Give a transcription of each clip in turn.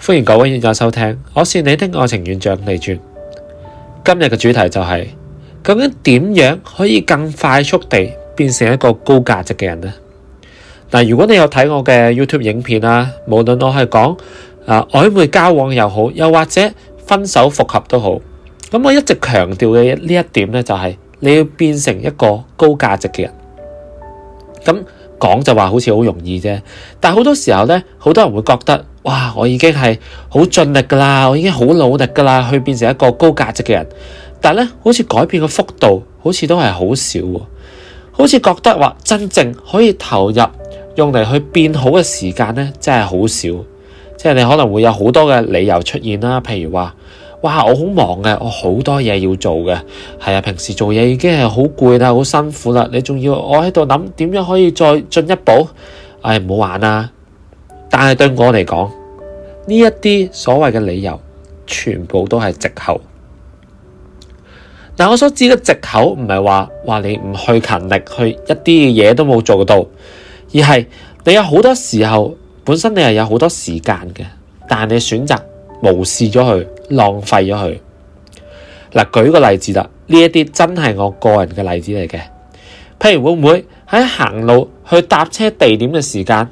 歡迎各位觀眾收聽，我是你的愛情院長李專。今日嘅主題就係、是、究竟點樣可以更快速地變成一個高價值嘅人呢？嗱，如果你有睇我嘅 YouTube 影片啊，無論我係講啊曖昧交往又好，又或者分手復合都好，咁我一直強調嘅呢一點呢、就是，就係你要變成一個高價值嘅人。咁講就話好似好容易啫，但係好多時候呢，好多人會覺得，哇，我已經係好盡力噶啦，我已經好努力噶啦，去變成一個高價值嘅人，但係咧，好似改變嘅幅度好似都係好少，好似覺得話真正可以投入用嚟去變好嘅時間呢，真係好少，即係你可能會有好多嘅理由出現啦，譬如話。哇！我好忙嘅，我好多嘢要做嘅係啊。平時做嘢已經係好攰啦，好辛苦啦。你仲要我喺度諗點樣可以再進一步？唉、哎，唔好玩啦！但係對我嚟講，呢一啲所謂嘅理由，全部都係借口。但我所知嘅借口唔係話話你唔去勤力，去一啲嘢都冇做到，而係你有好多時候本身你係有好多時間嘅，但你選擇無視咗佢。浪費咗佢嗱，舉個例子啦。呢一啲真係我個人嘅例子嚟嘅。譬如會唔會喺行路去搭車地點嘅時間，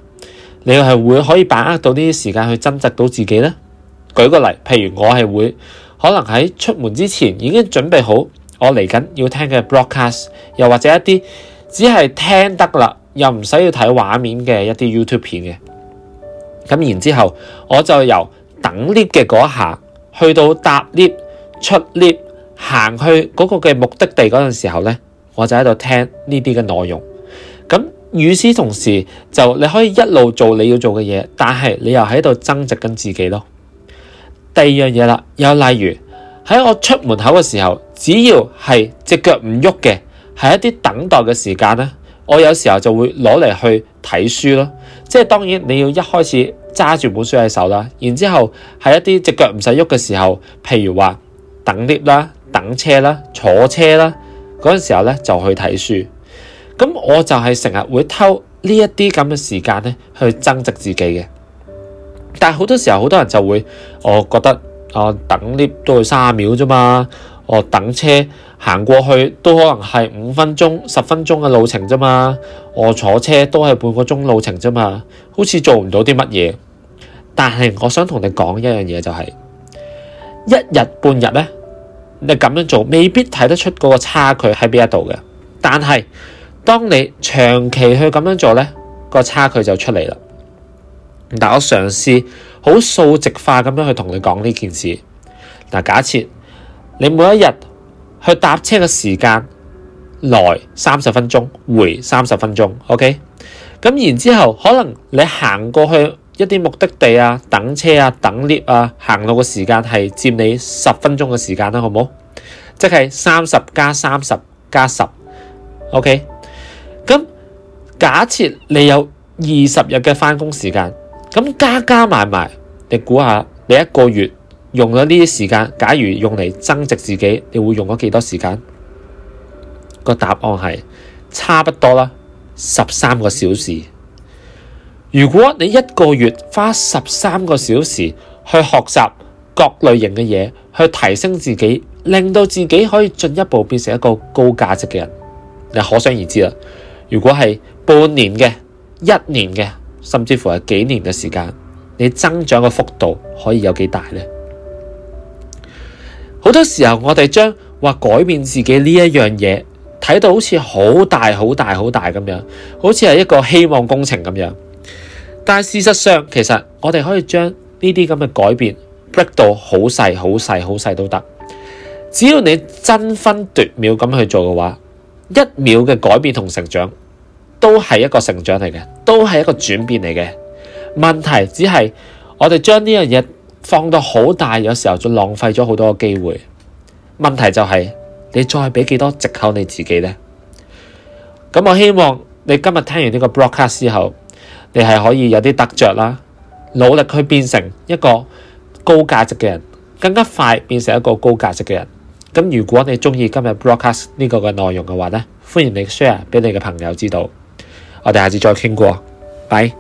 你又係會可以把握到呢啲時間去增值到自己呢？舉個例，譬如我係會可能喺出門之前已經準備好我嚟緊要聽嘅 broadcast，又或者一啲只係聽得啦，又唔使要睇畫面嘅一啲 YouTube 片嘅。咁然之後，我就由等 lift 嘅嗰一下。去到搭 lift、出 lift、行去嗰個嘅目的地嗰陣時候呢，我就喺度聽呢啲嘅內容。咁與此同時就你可以一路做你要做嘅嘢，但係你又喺度增值緊自己咯。第二樣嘢啦，又例如喺我出門口嘅時候，只要係隻腳唔喐嘅，係一啲等待嘅時間呢，我有時候就會攞嚟去睇書咯。即係當然你要一開始。揸住本書喺手啦，然之後喺一啲隻腳唔使喐嘅時候，譬如話等 lift 啦、等車啦、坐車啦嗰陣、那個、時候呢就去睇書。咁我就係成日會偷呢一啲咁嘅時間呢去增值自己嘅。但係好多時候好多人就會，我覺得啊，等 lift 都係卅秒啫嘛，我等車行過去都可能係五分鐘、十分鐘嘅路程啫嘛，我坐車都係半個鐘路程啫嘛，好似做唔到啲乜嘢。但係我想同你講一樣嘢，就係，就係一日半日咧，你咁樣做未必睇得出嗰個差距喺邊一度嘅。但係當你長期去咁樣做咧，個差距就出嚟啦。但我嘗試好數值化咁樣去同你講呢件事。嗱，假設你每一日去搭車嘅時間，來三十分鐘，回三十分鐘，OK。咁然之後，可能你行過去。一啲目的地啊、等車啊、等 lift 啊、行路嘅時間係佔你十分鐘嘅時間啦，好冇？即係三十加三十加十，OK。咁假設你有二十日嘅返工時間，咁加加埋埋，你估下你一個月用咗呢啲時間？假如用嚟增值自己，你會用咗幾多時間？個答案係差不多啦，十三個小時。如果你一個月花十三個小時去學習各類型嘅嘢，去提升自己，令到自己可以進一步變成一個高價值嘅人，你可想而知啦。如果係半年嘅、一年嘅，甚至乎係幾年嘅時間，你增長嘅幅度可以有幾大呢？好多時候我哋將話改變自己呢一樣嘢睇到好似好大、好大、好大咁樣，好似係一個希望工程咁樣。但事實上，其實我哋可以將呢啲咁嘅改變 break 到好細、好細、好細都得。只要你爭分奪秒咁去做嘅話，一秒嘅改變同成長都係一個成長嚟嘅，都係一個轉變嚟嘅。問題只係我哋將呢樣嘢放到好大，有時候就浪費咗好多嘅機會。問題就係、是、你再俾幾多借口你自己呢？咁我希望你今日聽完呢個 broadcast 之後，你係可以有啲得着啦，努力去變成一個高價值嘅人，更加快變成一個高價值嘅人。咁如果你鍾意今日 broadcast 呢個嘅內容嘅話咧，歡迎你 share 俾你嘅朋友知道。我哋下次再傾過，Bye。